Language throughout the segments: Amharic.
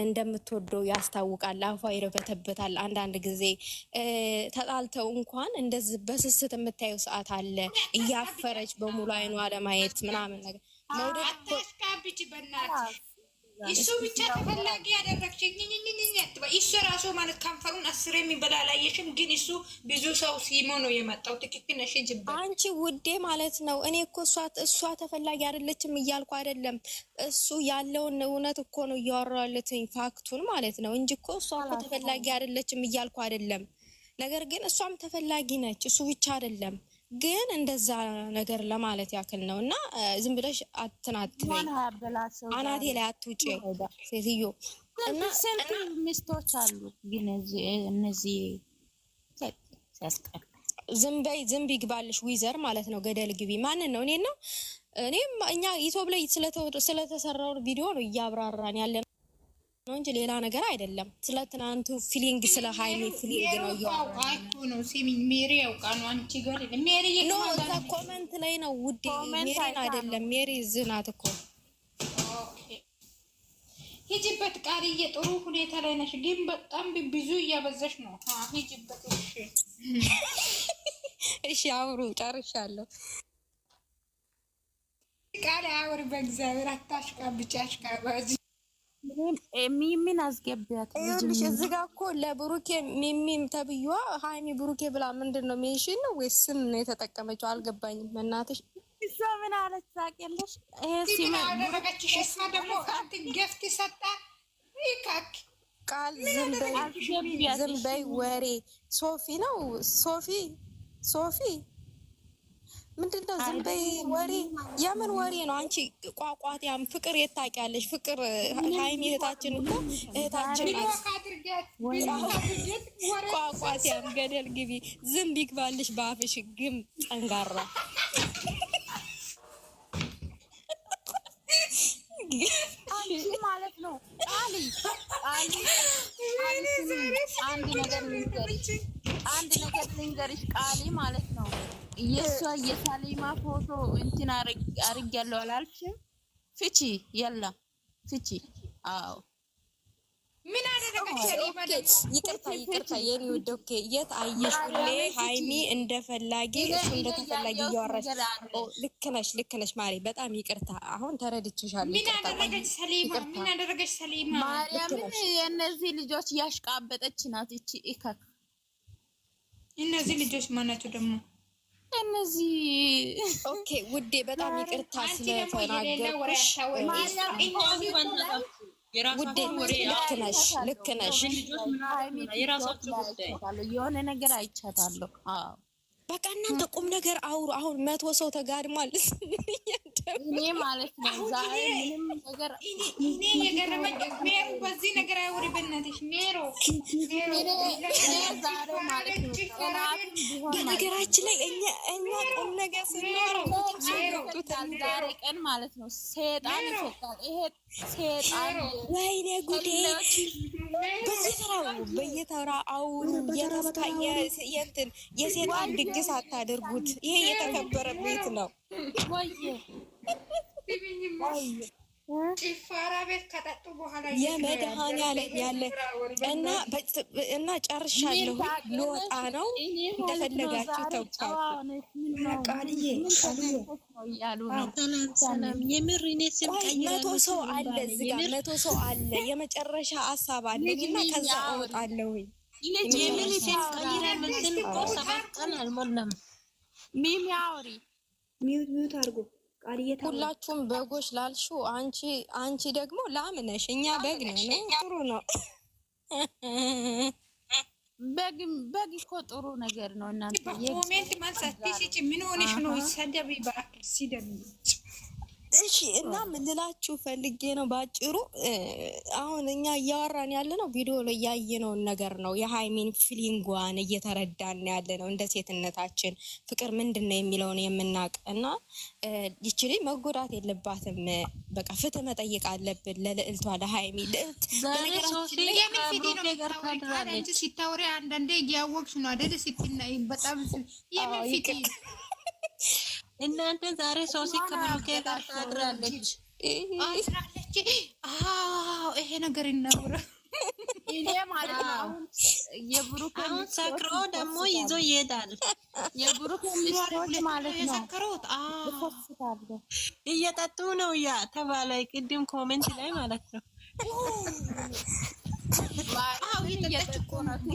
እንደምትወደው ያስታውቃል። አፏ ይረበተበታል። አንዳንድ ጊዜ ተጣልተው እንኳን እንደዚህ በስስት የምታየው ሰዓት አለ። እያፈረች በሙሉ አይኗ ለማየት ምናምን ነገር እሱ ብቻ ተፈላጊ ያደረግሽኝ እሱ ራሱ ማለት ከንፈሩን አስር የሚበላ አላየሽም፣ ግን እሱ ብዙ ሰው ሲሞ ነው የመጣው። ትክክል ነሽ። አንቺ ውዴ ማለት ነው። እኔ እኮ እሷ ተፈላጊ አይደለችም እያልኩ አይደለም። እሱ ያለውን እውነት እኮ ነው እያወራለትኝ ፋክቱን ማለት ነው እንጂ እኮ እሷ ተፈላጊ አይደለችም እያልኩ አይደለም። ነገር ግን እሷም ተፈላጊ ነች፣ እሱ ብቻ አይደለም። ግን እንደዛ ነገር ለማለት ያክል ነው። እና ዝም ብለሽ አትናት አናቴ ላይ አትውጭ ሴትዮ። ስንት ሚስቶች አሉ ግን እነዚህ ዝም በይ ዝም ቢግባልሽ ዊዘር ማለት ነው። ገደል ግቢ። ማንን ነው? እኔን ነው። እኔም እኛ ዩቲዩብ ላይ ስለተሰራውን ቪዲዮ ነው እያብራራን ያለ ነው እንጂ ሌላ ነገር አይደለም። ስለ ትናንቱ ፊሊንግ ስለ ሀይሚ ፊሊንግ ነው ነው ሲሚኝ ሜሪ ያውቃ ነው አንቺ ጋር ሜሪ ኖ ኮመንት ላይ ነው ውዴ፣ ሜሪን አይደለም ሜሪ ዝናት እኮ ሂጅበት ቃሪዬ፣ ጥሩ ሁኔታ ላይ ነሽ፣ ግን በጣም ብዙ እያበዛሽ ነው። ሂጅበት። እሺ አውሩ፣ ጨርሻለሁ። ቃሪ አውሪ፣ በእግዚአብሔር አታሽቃ፣ ብቻ አሽቃ ሚሚን አስገቢያት። ይኸውልሽ እዚህ ጋ እኮ ለብሩኬ ሚሚም ተብዬዋ ሀይሚ ብሩኬ ብላ ምንድን ነው ሜንሽን ነው ወይስ ስም ነው የተጠቀመችው? አልገባኝም። እናትሽ እሷ ምን አለች? ታውቂያለሽ ይሄ ሲመረቀችሽ እሷ ደግሞ አንት ገፍት ሰጣ ይካክ ቃል ዝም በይ ወሬ ሶፊ ነው ሶፊ ሶፊ ምንድን ነው ዝም በይ ወሬ የምን ወሬ ነው አንቺ ቋቋት ያም ፍቅር የት ፍቅር ሀይሚ እህታችን እኮ እህታችን ቋቋት ያም ገደል ግቢ ዝም ቢግባልሽ በአፍሽ ግም ጠንጋራ ማለት ነው አንድ ነገር ልንገርሽ አንድ ነገር ልንገርሽ ቃሊ ማለት ነው የእሷ የሳሊማ ፎቶ እንትን ያለው አላልሽም? ፍቺ የላ ፍቺ። አዎ ምን አደረገች? ይቅርታ ይቅርታ፣ የኔ ውድ የት አየሽ? ሁሌ ሀይሚ እንደፈላጊ እሱ እንደተፈላጊ እያወራሽ ልክ ነሽ፣ ልክ ነሽ ማሪ። በጣም ይቅርታ፣ አሁን ተረድቼሻለሁ። ምን አደረገች ሰሊማ? ምን ሰሊማ? ማርያምን የእነዚህ ልጆች ያሽቃበጠች ናት እቺ እከክ እነዚህ ልጆች ማናቸው ደግሞ? እነዚህ ኦኬ ውዴ፣ በጣም ይቅርታ ስለተናገርኩሽ። ልክ ነሽ፣ የሆነ ነገር አይቻታለሁ። በቃ እናንተ ቁም ነገር አውሩ። አሁን መቶ ሰው ተጋድሟል። እኔ ማለት ነው ዛሬ ምንም ነገር እኔ የገረመኝ ሜሮ በዚህ ነገር አውሪ ብነትሽ ሜሮ። በነገራችን ላይ እኛ እኛ ቁም ነገር ስናወራ ዛሬ ቀን ማለት ነው ሴጣን ይፈጣል ይሄ ወይኔ ጉዴ! በየተራው በየተራ አውሩ። የእንትን የሴጣን ድግስ አታደርጉት ይሄ የተከበረ ቤት ነው። የመድኃኒዓለም ያለ እና እና ጨርሻለሁ። ልወጣ ነው። እንደፈለጋችሁ ተውቃ እያሉ ነው። የምር መቶ ሰው አለ እዚህ መቶ ሰው አለ። የመጨረሻ ሀሳብ አለኝ እና ከዛ እወጣለሁኝ። ሚሚ አውሪ ሚውት አድርጎ ሁላችሁም በጎች ላልሹ አንቺ አንቺ ደግሞ ላምነሽ እኛ በግ ነው። ጥሩ ነው። በግ እኮ ጥሩ ነገር ነው። እናንተ በኮሜንት መልስ አትሽጪ። ምን ሆነሽ ነው? ይሰደብ ሲደብ እሺ እና ምንላችሁ ፈልጌ ነው ባጭሩ፣ አሁን እኛ እያወራን ያለ ነው ቪዲዮ ላይ ያየነውን ነገር ነው። የሃይሚን ፊሊንጓን እየተረዳን ያለ ነው። እንደ ሴትነታችን ፍቅር ምንድን ነው የሚለውን የምናውቅ እና ይችል መጎዳት የለባትም። በቃ ፍትህ መጠየቅ አለብን ለልዕልቷ ለሀይሚ ልዕልት። ሲታወሪ አንዳንዴ እያወቅሽ ነው አደለ? ሲትና በጣም የምን እናንተ ዛሬ ሶሲ ከብሩኬ ጋር ታድራለች አድራለች። አዎ ይሄ ነገር ይናውራ እኔ ማለት ነው። የብሩክ ሰክሮ ደግሞ ይዞ ይሄዳል። የብሩክ ልጅ ማለት ነው አዎ እየጠጡ ነው ያ ተባለ ቅድም ኮሜንት ላይ ማለት ነው። በነገራችን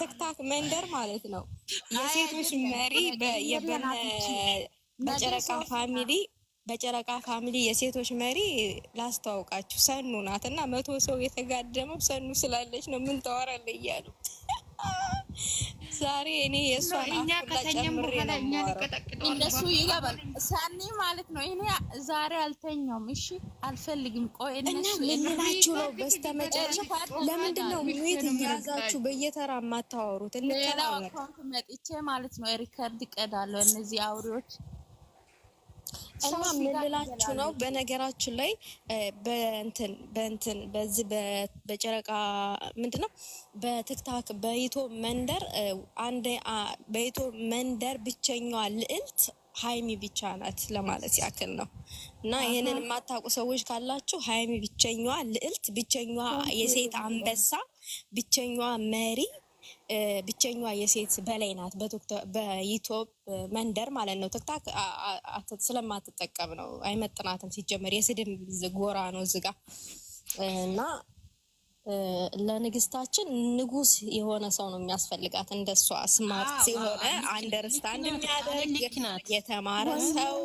ትክታክ መንደር ማለት ነው የሴቶች መሪ በጨረቃ ፋሚሊ በጨረቃ ፋሚሊ የሴቶች መሪ ላስተዋውቃችሁ ሰኑ ናት እና መቶ ሰው የተጋደመው ሰኑ ስላለች ነው። ምን ታወራለህ እያሉ ዛሬ እኔ የእሷን እንደሱ ይገባል። ሳኒ ማለት ነው። እኔ ዛሬ አልተኛውም። እሺ አልፈልግም። ቆይ እነሱ ልንላችሁ ነው። በስተመጨረሻ ለምንድን ነው ሙት እያዛችሁ በየተራ የማታወሩት? እንተራ መጥቼ ማለት ነው ሪከርድ ቀዳለሁ እነዚህ አውሬዎች እና ምንላችሁ ነው። በነገራችን ላይ በእንትን በእንትን በዚህ በጨረቃ ምንድን ነው በትክታክ በይቶ መንደር አንድ በይቶ መንደር ብቸኛዋ ልዕልት ሀይሚ ብቻ ናት ለማለት ያክል ነው። እና ይህንን የማታውቁ ሰዎች ካላችሁ ሀይሚ ብቸኛዋ ልዕልት፣ ብቸኛዋ የሴት አንበሳ፣ ብቸኛዋ መሪ ብቸኛዋ የሴት በላይ ናት በዩቲዩብ መንደር ማለት ነው። ትክታክ ስለማትጠቀም ነው፣ አይመጥናትም። ሲጀመር የስድብ ጎራ ነው እዚጋ እና ለንግስታችን ንጉስ የሆነ ሰው ነው የሚያስፈልጋት። እንደሷ ስማርት ሲሆነ አንደርስታንድ የሚያደርግ የተማረ ሰው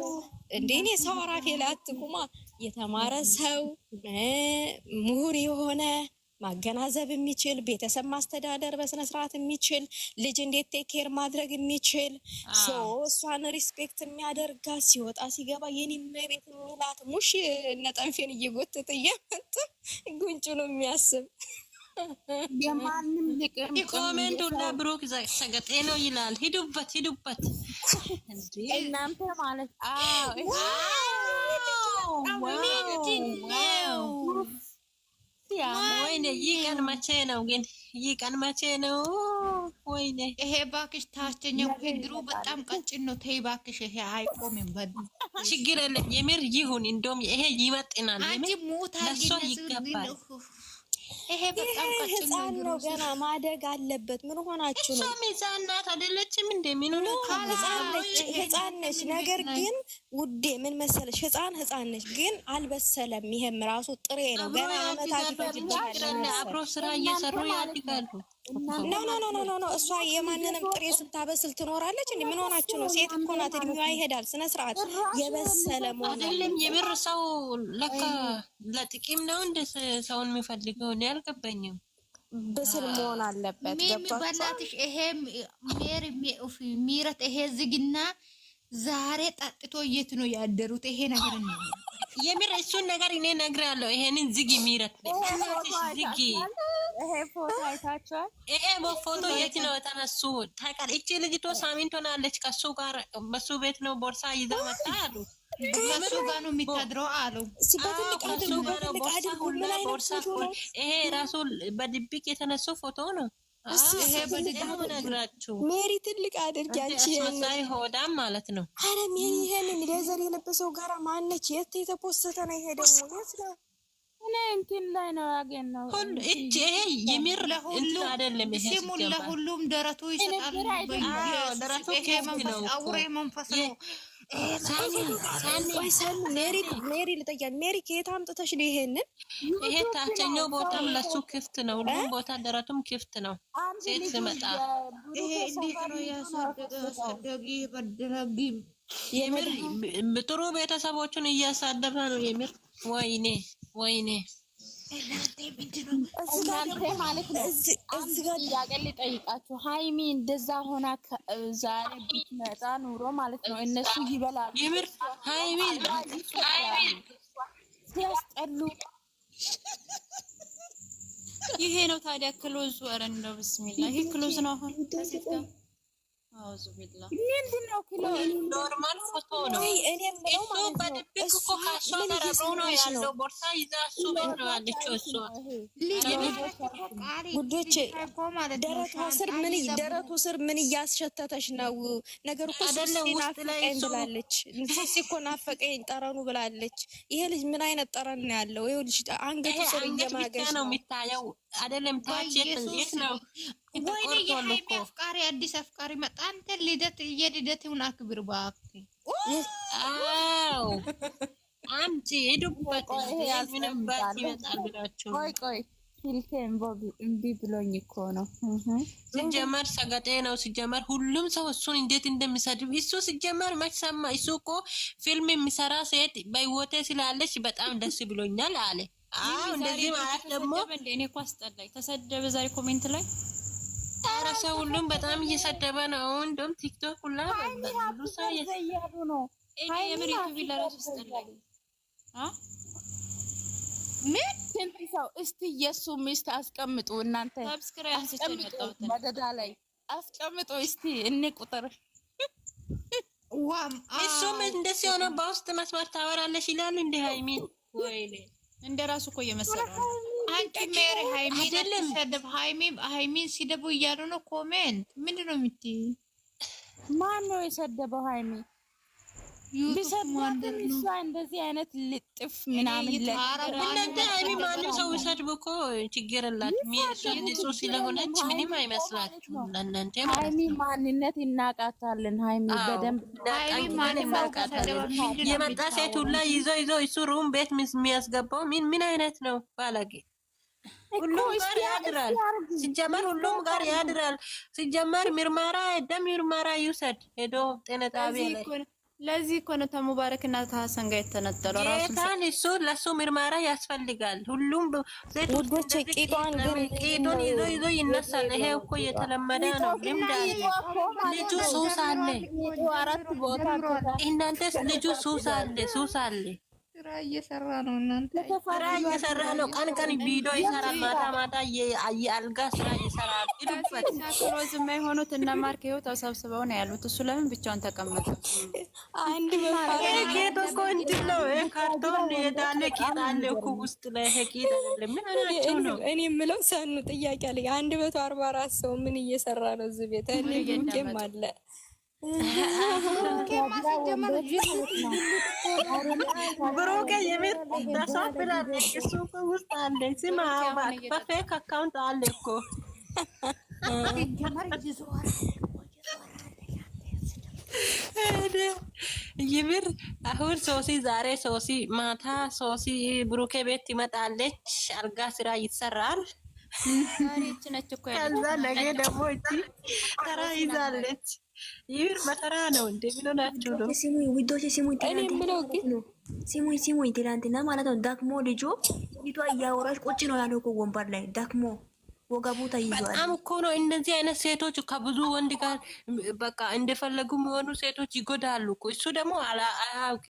እንዴኔ ሰው አራፌ ላትቁማ የተማረ ሰው ምሁር የሆነ ማገናዘብ የሚችል ቤተሰብ ማስተዳደር በስነስርዓት የሚችል ልጅ እንዴት ቴክ ኬር ማድረግ የሚችል እሷን ሪስፔክት የሚያደርጋ ሲወጣ ሲገባ የኔ ቤት የሚላት ሙሽ ነጠንፌን እየጎተተ እያመጡ ጉንጭ ነው የሚያስብ የማንም ኮሜንቱ ለብሩክ ሰገጤ ነው ይላል። ሂዱበት ሂዱበት እናንተ ማለት ወይኔ ይህ ቀን መቼ ነው ግን? ይህ ቀን መቼ ነው? ወይኔ ይሄ ባክሽ ታቸኛ ድሮ በጣም ቀጭን ነው። ተይ ባክሽ፣ ይሄ አይቆምም። ችግር የለም። የምር ይሁን። እንደውም ይሄ ይመጥናል። ይገባል። ይሄ በጣም ህፃን ነው፣ ገና ማደግ አለበት። ምን ሆናችሁ ነው? እሷም ህፃን ናት አይደለችም እንደሚኖረ ህፃን ነች። ነገር ግን ውዴ ምን መሰለች፣ ህፃን ህፃን ነች፣ ግን አልበሰለም። ይሄም ራሱ ጥሬ ነው። ገና አመታት ይፈጅበታል። አብሮ ስራ እየሰሩ ያድጋሉ። ኖ ኖ እሷ የማንንም ጥሬ ስታበስል ትኖራለች። እንደ ምን ሆናችሁ ነው? ሴት እኮ ናት፣ እድሜዋ ይሄዳል። ስነ ስርዓት የበሰለ መሆን አይደለም። የምር ሰው ለካ ለጥቂም ነው እንደ ሰውን የሚፈልገው ነው። ያልገባኝም ብስል መሆን አለበት። ገብቷችሁ ይሄ ሜሪ ሚረት ይሄ ዝግና ዛሬ ጠጥቶ የት ነው ያደሩት? ይሄ ነገር ነው የምር እሱን ነገር እኔ እነግርሃለሁ። ይሄንን ዝግ ሚረት ዝግ ይሄ ፎቶ አይታችኋል? ይሄ ፎቶ የት ነው የተነሱ? ታውቃለህ? እቺ ልጅቶ ሳሚንቶ ናለች። ከሱ ጋር በሱ ቤት ነው ቦርሳ ይዛ መጣ አሉ። ከሱ ጋር ነው የሚታድረው አሉ። ይሄ ራሱ በድብቅ የተነሱ ፎቶ ነው። ይሄ ሜሪ ትልቅ አድርጊ አንቺ ሆዳም ማለት ነው። አረ ሜሪ ይሄንን ሌዘር የለበሰው ጋራ ማነች? የት የተፖሰተ ነው ይሄ ደግሞ? የት ነው እንትን ላይ ነው ያገኘው። እጅ ይሄ የሚር ለሁሉም አይደለም። ሲሙን ለሁሉም ደረቱ ይሰጣል። ደረቱ አውሬ መንፈስ ነው። ከየት አምጥተሽ ነው ይሄንን? ይሄ ታችኛው ቦታም ለሱ ክፍት ነው፣ ሁሉም ቦታ ደረቱም ክፍት ነው። ሴት ስመጣ ይሄ እንዴት ነው ያሳደጊ የምር ጥሩ ቤተሰቦቹን እያሳደበ ነው የምር ወይኔ ወይኔ ሀይሚ እንደዛ ሆና ዛሬ ብትመጣ ኑሮ ማለት ነው እነሱ ይበላሉ። ሲያስጠሉ ይሄ ነው ታዲያ ክሎዝ። ኧረ እንደው ብስሚላ ይሄ ክሎዝ ነው አሁን ምንድነው ደረቱ ስር ምን ደረቱ እያስሸተተች ነው? ነገር እኮ ናፈቀኝ ብላለች። ሱሲ እኮ ናፈቀኝ ጠረኑ ብላለች። ይሄ ልጅ ምን አይነት ጠረን ነው ያለው? ይኸው አንገቱ ስር እየማገች ነው የሚታየው። አይደለም ታች የት ነው ወይኔ የሀይሚ አፍቃሪ አዲስ አፍቃሪ መጣ። አንተ ልደት የልደትህን አክብር እባክህ። አዎ አምጪ ቆይ ቆይ ስልኬ እምቢ ብሎኝ እኮ ነው። ሲጀመር ሰገጤ ነው። ሲጀመር ሁሉም ሰው እሱን እንዴት እንደሚሰድብ እሱ ሲጀመር መች ሰማ። እሱ እኮ ፊልም የሚሰራ ሴት በህይወቴ ስላለች በጣም ደስ ብሎኛል አለ። እንደዚህ ማለት ደግሞ እኔ እኮ አስጠላኝ። ተሰደበ ዛሬ ኮሜንት ላይ ኧረ ሰው ሁሉም በጣም እየሰደበ ነው። እንደውም ቲክቶክ ሁላ እያሉ ነው። ምን ሰው እስቲ የእሱ ሚስት አስቀምጡ እናንተ መደዳ ላይ አስቀምጡ እስቲ እኔ ቁጥር እሱም እንደዚህ ሆነ። በውስጥ መስመር ታወራለሽ ይላል እንደ ሀይሚን ወይ እንደ ራሱ እኮ እየመሰለ ነው አንቺ ሜሪ ሀይሚን አትሰደብ። ሀይሚን ሲደቡ እያሉ ነው። ኮሜንት ምንድን ነው የምትይ? ማን ነው የሰደበው? ሀይሚ እንደዚህ አይነት ልጥፍ ምናምን እናንተ ማንም ሰው ቢሰድብ እኮ ችግር የላትም። ስለሆነች ምንም አይመስላችሁም ለእናንተ ማንነት እናቃታለን። በደንብ የመጣ ሴት ሁላ ይዞ ይዞ እሱ ሩም ቤት የሚያስገባው ምን ምን አይነት ነው ባለጌ ሁሉም ጋር ያድራል። ሲጀመር ሁሉም ጋር ያድራል። ሲጀመር ምርመራ ደም ምርመራ ይውሰድ ሄዶ ጤና ጣቢያ ላይ። ለዚህ እኮ ነው ተሙባረክና ከሀሰን ጋር የተነጠለው። ራሱን እሱ ለሱ ምርመራ ያስፈልጋል። ሁሉም ውዶች ቂጧን ቂጡን ይዞ ይዞ ይነሳል። ይሄ እኮ የተለመደ ነው። ልጁ ሱስ አለ። እናንተስ ልጁ ሱስ አለ ሱስ አለ ስራ እየሰራ ነው። እናንተ ስራ እየሰራ ነው። ቀን ቀን ቪዲዮ ይሰራል። ማታ ማታ የአልጋ ስራ ይሰራል። ዝም የማይሆኑት እነ ማርክ ይኸው ተሰብስበው ነው ያሉት። እሱ ለምን ብቻውን ተቀመጠ? አንድ ጌጦ እኮ እንትን ነው ካርቶን የዳለ ጌጥ አለ እኮ ውስጥ ላይ ጌጥ ምን ነው። እኔ የምለው ሰኑ ጥያቄ አለ። አንድ መቶ አርባ አራት ሰው ምን እየሰራ ነው እዚህ ቤት? እኔ ጉንቄም አለ ብሩኬ የቤት ደርሶ ብላለች። ውስጥ አለኝ ስማ፣ በፌክ አካውንት አለ እኮ ይምር። አሁን ሶሲ ዛሬ ሶሲ ማታ ሶሲ ብሩኬ ቤት ትመጣለች አልጋ ስራ ይሰራል። ከዛ ነገ ደግሞ ተራ ይዛለች ይህ መከራ ነው። እንዴ? ብሎ ናቸው ነው ሲሙ ውዶች ሲሙ ሲሙ ሲሙኝ ትላንትና ማለት ነው ዳክሞ ልጁ ፊቷ እያወራች ቁጭ ነው ያለው እኮ ወንበር ላይ ዳክሞ ወገቡ ተይዟል። በጣም እኮ ነው እንደዚህ አይነት ሴቶች ከብዙ ወንድ ጋር በቃ እንደፈለጉ የሚሆኑ ሴቶች ይጎዳሉ እኮ እሱ ደግሞ አላውቅ